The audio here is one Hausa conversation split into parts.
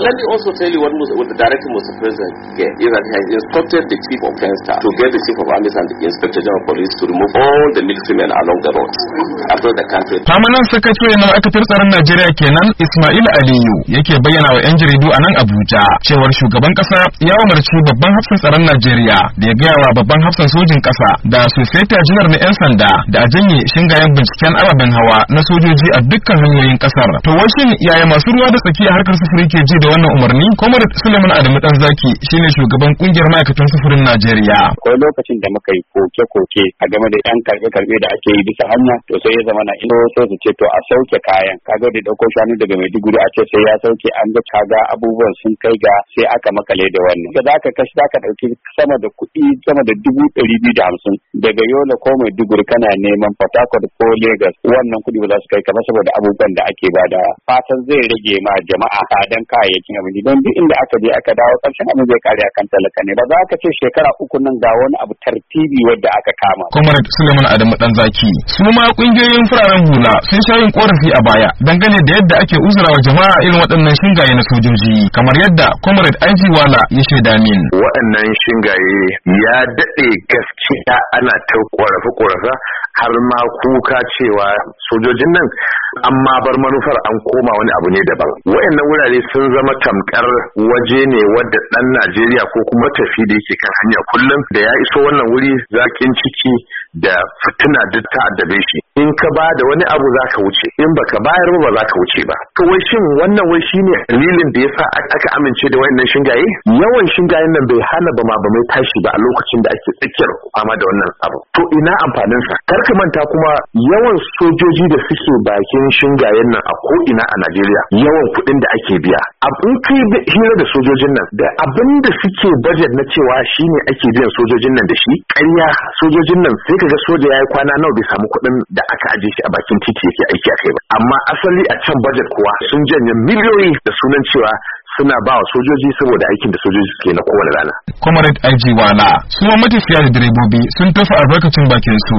Let me also tell you what, what the director Mr. President here. is that he has instructed the chief of fenster to get the chief of army and the inspector general police to remove all the military men along the roads across the country. Famanan sakatare na ma'aikatar tsaron Najeriya kenan Ismail Aliyu yake bayyana wa 'yan jaridu a nan Abuja cewar shugaban kasa ya umarci babban hafsan tsaron Najeriya da ya gaya wa babban hafsan sojin kasa da soseta janar na 'yan sanda da a janye shingayen binciken ababen hawa na sojoji a dukkan hanyoyin kasar. To washin yaya masu ruwa da tsaki a harkar sufuri ke ji da wannan umarni komar suleiman adamu dan zaki shine shugaban kungiyar ma'aikatan sufurin najeriya akwai lokacin da muka yi koke-koke a game da yan karbe-karbe da ake yi bisa hanya to sai ya zama na ina so su ce to a sauke kayan kaga da dauko shanu daga maiduguri a ce sai ya sauke an ga kaga abubuwan sun kai ga sai aka makale da wannan da zaka kashi zaka dauki sama da kuɗi sama da dubu ɗari biyu da hamsin daga yola ko maiduguri kana neman fatakwal ko Legas wannan kuɗi ba za su kai kamar saboda abubuwan da ake bada fatan zai rage ma jama'a kadan kaya kayayyakin abinci don duk inda aka je aka dawo karshen abin zai kare akan talaka ne ba za ka ce shekara uku nan ga wani abu tartibi wadda aka kama. Kuma Suleiman Adamu dan zaki su ma kungiyoyin fararen hula sun sha yin korafi a baya dangane da yadda ake uzurawa jama'a irin waɗannan shingaye na sojoji kamar yadda Comrade Aji Wala ya shaida min. Waɗannan shingaye ya daɗe gaskiya ana ta korafe-korafe har ma kuka cewa sojojin nan amma bar manufar an koma wani abu ne daban. Waɗannan wurare sun zama kuma tamkar waje ne wadda ɗan Najeriya ko kuma tafi da yake kan hanya kullum da ya iso wannan wuri zaƙin ciki da fitina duk ta addabe shi in ka ba da wani abu za ka wuce in baka bayar ba za ka wuce ba to wai shin wannan wai shine dalilin da yasa aka amince da wayannan shingaye yawan shingayen nan bai hana ba ma ba mai tashi ba a lokacin da ake tsakiyar fama da wannan abu to ina amfanin sa kar ka manta kuma yawan sojoji da suke bakin shingayen nan a ko ina a Najeriya yawan kuɗin da ake biya abin kai da hira da sojojin nan da abin da suke budget na cewa shine ake biyan sojojin nan da shi ƙarya sojojin nan sai kaga soja yayi kwana nawa bai samu kuɗin da da aka aje shi a bakin titi yake aiki a kai ba amma asali a can bajet kuwa sun janye miliyoyi da sunan cewa suna ba wa sojoji saboda aikin da sojoji suke na kowane rana. Comrade IG Wala, su matafiya da direbobi sun tafi albarkacin bakin su.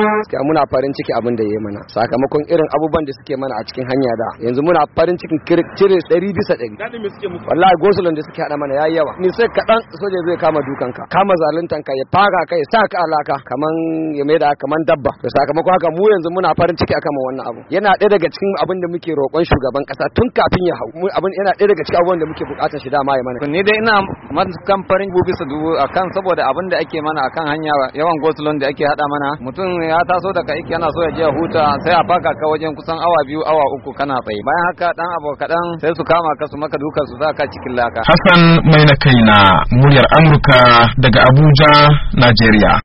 gaskiya muna farin ciki abin da ya mana sakamakon irin abubuwan da suke mana a cikin hanya da yanzu muna farin cikin cire 100 bisa 100 wallahi gosulun da suke hada mana yayi yawa ni sai kadan soja zai kama dukanka kama ka ya fara ka ya sa ka alaka kaman ya da kaman dabba to sakamakon haka mu yanzu muna farin ciki akan wannan abu yana ɗaya daga cikin abin da muke roƙon shugaban ƙasa tun kafin ya hau abin yana ɗaya daga cikin abubuwan da muke buƙatar shi dama ya mana ni dai ina matukan farin gobe su dubu akan saboda abin da ake mana akan hanya yawan gosulun da ake hada mana mutum ne ya taso daga aiki yana so ya je huta sai a faka ka wajen kusan awa biyu awa uku kana tsaye bayan haka dan kadan sai su kama ka su maka dukan su zaka cikin laka Hassan mai na kaina muryar Amurka daga Abuja Najeriya